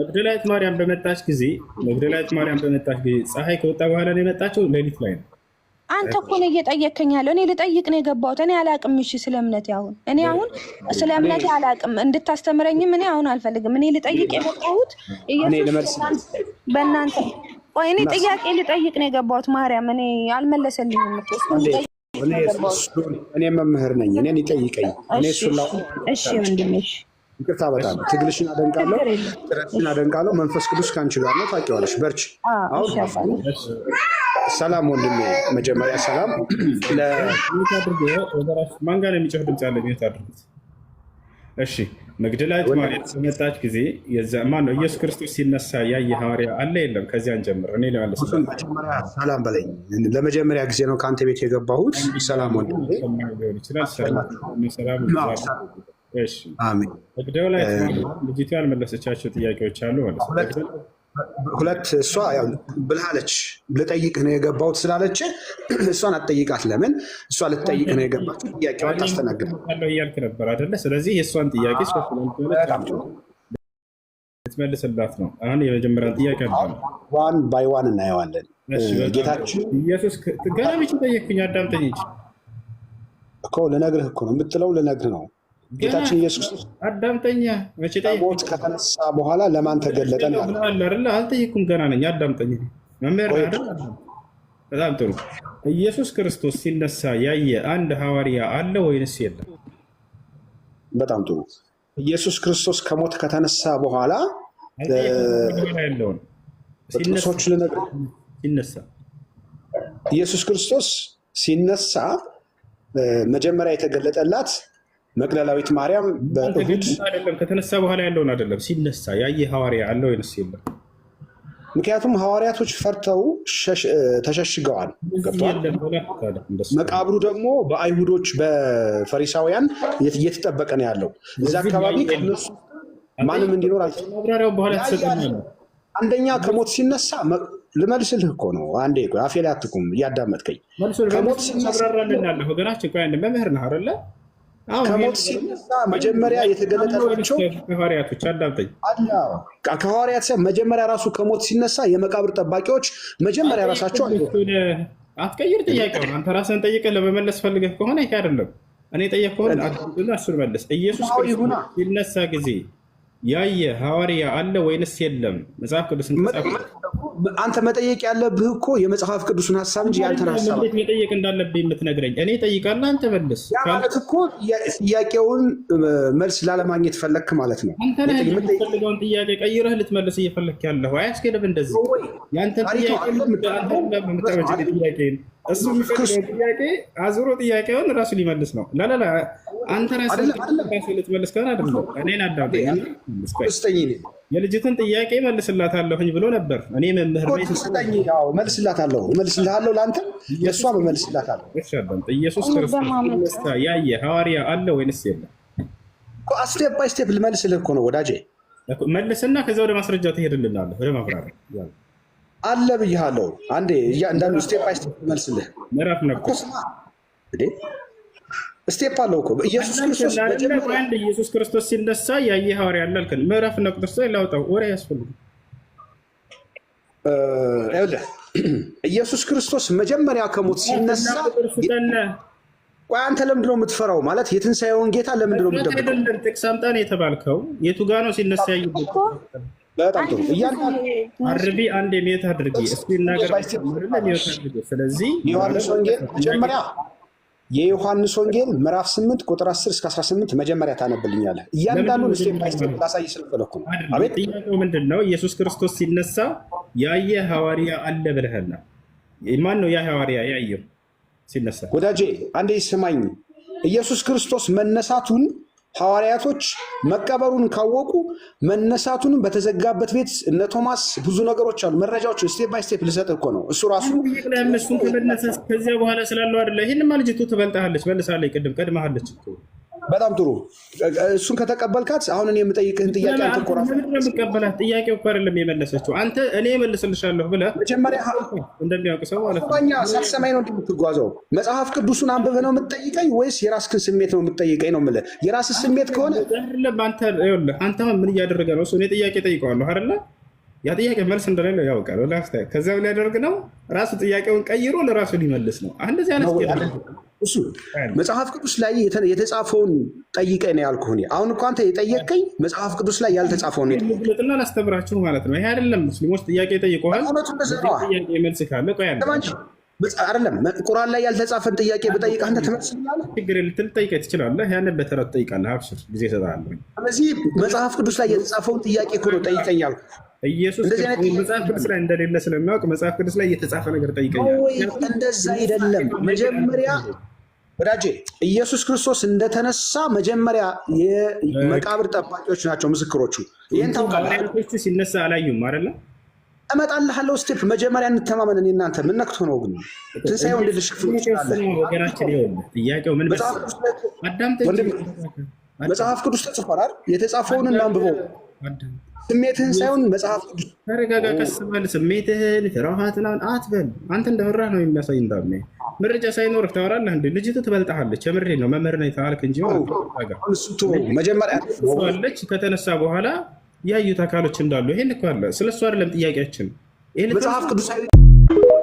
መግደላዊት ማርያም በመጣች ጊዜ መግደላዊት ማርያም በመጣች ጊዜ ፀሐይ ከወጣ በኋላ ነው የመጣችው። ሌሊት ላይ ነው። አንተ እኮ ነው እየጠየከኝ ያለው። እኔ ልጠይቅ ነው የገባሁት። እኔ አላቅም። እሺ፣ ስለ እምነቴ አሁን እኔ አሁን ስለ እምነቴ አላቅም። እንድታስተምረኝም እኔ አሁን አልፈልግም። እኔ ልጠይቅ የመጣሁት ኢየሱስ በእናንተ ቆይ፣ እኔ ጥያቄ ልጠይቅ ነው የገባሁት። ማርያም እኔ አልመለሰልኝም እኮ እኔ መምህር ነኝ። እኔን ይጠይቀኝ። እኔ እሱን እሺ፣ ወንድሜ እሺ ይቅርታ በጣም ትግልሽን አደንቃለሁ፣ ጥረትሽን አደንቃለሁ። መንፈስ ቅዱስ ከአንቺ ጋር ነው፣ ታውቂዋለሽ። በርቺ። አሁን ሰላም ወንድሜ፣ መጀመሪያ ሰላም። ማን ጋር የሚጮህ ድምፅ ያለ ቤት አድርጉት። እሺ፣ መግደላዊት ማርያም በመጣች ጊዜ ማነው ኢየሱስ ክርስቶስ ሲነሳ ያየ ሐዋርያ አለ የለም? ከዚያን እንጀምር። እኔ ለመለስ ሰላም በለኝ። ለመጀመሪያ ጊዜ ነው ከአንተ ቤት የገባሁት። ሰላም ወንድሜ፣ ሰላም ሰላም መቅደው ላይ ልጅቷ ያልመለሰቻቸው ጥያቄዎች አሉ ሁለት እሷ ብልሃለች ልጠይቅ ነው የገባሁት ስላለች እሷን አትጠይቃት። ለምን እሷ ልትጠይቅ ነው የገባችው? ጥያቄዋን ታስተናግዳለሁ እያልክ ነበር አይደለ? ስለዚህ የእሷን ጥያቄ ልትመልስላት ነው። አሁን የመጀመሪያን ጥያቄ ዋን ባይ ዋን እናየዋለን። ጌታችን ኢየሱስ ገና ቢች ጠየቅኩኝ፣ አዳምጠኝ እኮ ልነግርህ እኮ ነው የምትለው ልነግርህ ነው ጌታችን ኢየሱስ ክርስቶስ አዳምጠኛ ሞት ከተነሳ በኋላ ለማን ተገለጠን? አልጠየኩም፣ ገና ነኝ። አዳምጠኝ መምህር። በጣም ጥሩ። ኢየሱስ ክርስቶስ ሲነሳ ያየ አንድ ሐዋርያ አለ ወይንስ የለም? በጣም ጥሩ። ኢየሱስ ክርስቶስ ከሞት ከተነሳ በኋላ ያለውን ጥቅሶቹ ሲነሳ ኢየሱስ ክርስቶስ ሲነሳ መጀመሪያ የተገለጠላት መቅደላዊት ማርያም በእሁድ ከተነሳ በኋላ ያለውን አይደለም፣ ሲነሳ ያየ ሐዋርያ አለው ወይንስ የለም? ምክንያቱም ሐዋርያቶች ፈርተው ተሸሽገዋል፣ መቃብሩ ደግሞ በአይሁዶች በፈሪሳውያን እየተጠበቀ ነው ያለው። እዚ አካባቢ ከነሱ ማንም እንዲኖር አንደኛ ከሞት ሲነሳ ልመልስልህ እኮ ነው። አንዴ አፌ ላይ አትቁም፣ እያዳመጥከኝ ከሞት ሲነሳ መምህር ነህ አይደለ? ከሞት ሲነሳ መጀመሪያ የተገለጠላቸው ሐዋርያቶች አዳምጠኝ መጀመሪያ ራሱ ከሞት ሲነሳ የመቃብር ጠባቂዎች መጀመሪያ ራሳቸው አትቀይር። ጥያቄውን አንተ ራስን ጠይቀህ ለመመለስ ፈልገህ ከሆነ ይሄ አይደለም እኔ ጠየቅ ከሆነ እሱን መለስ። ኢየሱስ ሲነሳ ጊዜ ያየ ሐዋርያ አለ ወይንስ የለም? መጽሐፍ ቅዱስ አንተ መጠየቅ ያለብህ እኮ የመጽሐፍ ቅዱስን ሀሳብ እንጂ ያንተን ሀሳብ መጠየቅ እንዳለብህ የምትነግረኝ እኔ ጠይቃለ አንተ መልስ። ማለት እኮ ጥያቄውን መልስ ላለማግኘት ፈለግክ ማለት ነው። አንተ ነህ የምትፈልገውን ጥያቄ ቀይረህ ልትመልስ እየፈለግክ ያለሁ። አያስኬድም እንደዚህ ያንተን ጥያቄ እሱ ጥያቄ አዙሮ ጥያቄውን እራሱ ሊመልስ ነው። አንተ ልትመልስ ከሆነ እኔን አዳምጠኝ። ጥያቄ መልስላታለሁኝ ብሎ ነበር። እኔ መምህር መልስላታለሁ፣ የእሷ መልስላታለሁ። ኢየሱስ ክርስቶስ ያየ ሐዋርያ አለ ወይንስ የለም? ስቴፕ ባይ ስቴፕ ልመልስልህ እኮ ነው ወዳጄ። መልስና ከዚያ ወደ ማስረጃ ትሄድልናለህ፣ ወደ ማብራሪያ አለ ብያለሁ። አንዴ እያንዳንዱ ስቴፕ ባይ ስቴፕ መልስልህ እኮ ስማ ስቴፕ አለው እኮ ኢየሱስ ክርስቶስ ሲነሳ ያየ ሐዋርያ አለ አልከን። ምዕራፍ እና ቁጥር ላይ ላውጣው ወሬ ያስፈልግ ያስፈልጉ። ኢየሱስ ክርስቶስ መጀመሪያ ከሞት ሲነሳ አንተ ለምንድን ነው የምትፈራው? ማለት የትንሣኤውን ጌታ ለምንድን ነው የምትደብቀው? ጥቅስ አምጣ ነው የተባልከው። የቱ ጋ ነው ሲነሳ ያየበት? አርቢ አንድ የሚወት አድርጊ እስኪ ስለዚህ ዮሐንስ ወንጌል መጀመሪያ የዮሐንስ ወንጌል ምዕራፍ 8 ቁጥር 10 እስከ 18 መጀመሪያ ታነብልኛለህ። እያንዳንዱን ስቴፕ ባይ ስቴፕ ላሳይ ስለፈለኩ ነው። ጥያቄው ምንድን ነው? ኢየሱስ ክርስቶስ ሲነሳ ያየ ሐዋርያ አለ ብለህና ማን ነው ያ ሐዋርያ ያየው ሲነሳ? ወዳጄ አንዴ ስማኝ። ኢየሱስ ክርስቶስ መነሳቱን ሐዋርያቶች መቀበሩን ካወቁ መነሳቱንም በተዘጋበት ቤት እነ ቶማስ ብዙ ነገሮች አሉ። መረጃዎች ስቴፕ ባይ ስቴፕ ልሰጥ እኮ ነው። እሱ ራሱ ከዚያ በኋላ ስላለው አይደለ። ይህንማ ልጅቱ ትበልጣለች፣ መልሳለች። ቅድም ቀድማለች እኮ በጣም ጥሩ። እሱን ከተቀበልካት አሁን እኔ የምጠይቅህን ጥያቄ አንተ እኮ እኮ አይደለም የመለሰችው። አንተ እኔ መልስልሻለሁ ብለ መጀመሪያ እንደሚያውቅ ሰው ማለት ነው ሳትሰማኝ ነው የምትጓዘው። መጽሐፍ ቅዱሱን አንብበ ነው የምትጠይቀኝ ወይስ የራስክን ስሜት ነው የምትጠይቀኝ? ነው የምልህ። የራስ ስሜት ከሆነ አንተ ለ አንተ ምን እያደረገ ነው እሱ? እኔ ጥያቄ ጠይቀዋለሁ አይደለ? ያ ጥያቄ መልስ እንደሌለ ያውቃል። ከዚያ ሊያደርግ ነው ራሱ ጥያቄውን ቀይሮ ለራሱ ሊመልስ ነው። እንደዚህ አይነት እሱ መጽሐፍ ቅዱስ ላይ የተጻፈውን ጠይቀኝ ነው ያልኩህ። አሁን እኮ አንተ የጠየቀኝ መጽሐፍ ቅዱስ ላይ ያልተጻፈውን ጥና ላስተምራችሁ ማለት ነው። ይሄ አይደለም ሙስሊሞች ጥያቄ ጠይቀዋል። መልስ ካለ አይደለም ቁርአን ላይ ያልተጻፈን ጥያቄ በጠይቅ አንተ ትመልስልኛለህ። ችግር ልትል ጠይቀህ ትችላለህ። ያንን በተረት ጠይቃለህ። አብሽር ጊዜ እሰጥሃለሁ። ስለዚህ መጽሐፍ ቅዱስ ላይ የተጻፈውን ጥያቄ እኮ ነው ጠይቀኝ ኢየሱስ መጽሐፍ ቅዱስ ላይ እንደሌለ ስለሚያውቅ መጽሐፍ ቅዱስ ላይ የተጻፈ ነገር ጠይቀኛል። እንደዛ አይደለም መጀመሪያ ወዳጄ ኢየሱስ ክርስቶስ እንደተነሳ መጀመሪያ የመቃብር ጠባቂዎች ናቸው ምስክሮቹ። ይህን ታውቃለህ። ሲነሳ አላዩም አይደለ? እመጣልሃለሁ። ስቴፕ መጀመሪያ እንተማመን። እኔ እናንተ ምን ነክቶ ነው ግን ትንሳኤው እንድልሽ መጽሐፍ ቅዱስ ተጽፏል። የተጻፈውን እናንብበው ስሜትህን ሳይሆን መጽሐፍ ተረጋጋ፣ ቀስ በል። ስሜትህን ፍርሃት ምናምን አትበል። አንተ እንደፈራህ ነው የሚያሳይ። እንዳ መረጃ ሳይኖርህ ታወራለህ። እንደ ልጅቱ ትበልጥሃለች። የምሬ ነው። መምህር ነው የተባልክ እንጂ መጀመሪያ አለች። ከተነሳ በኋላ ያዩት አካሎች እንዳሉ ይሄን እኮ አለ። ስለ እሱ አይደለም ጥያቄያችን። ይሄን መጽሐፍ ቅዱሳዊ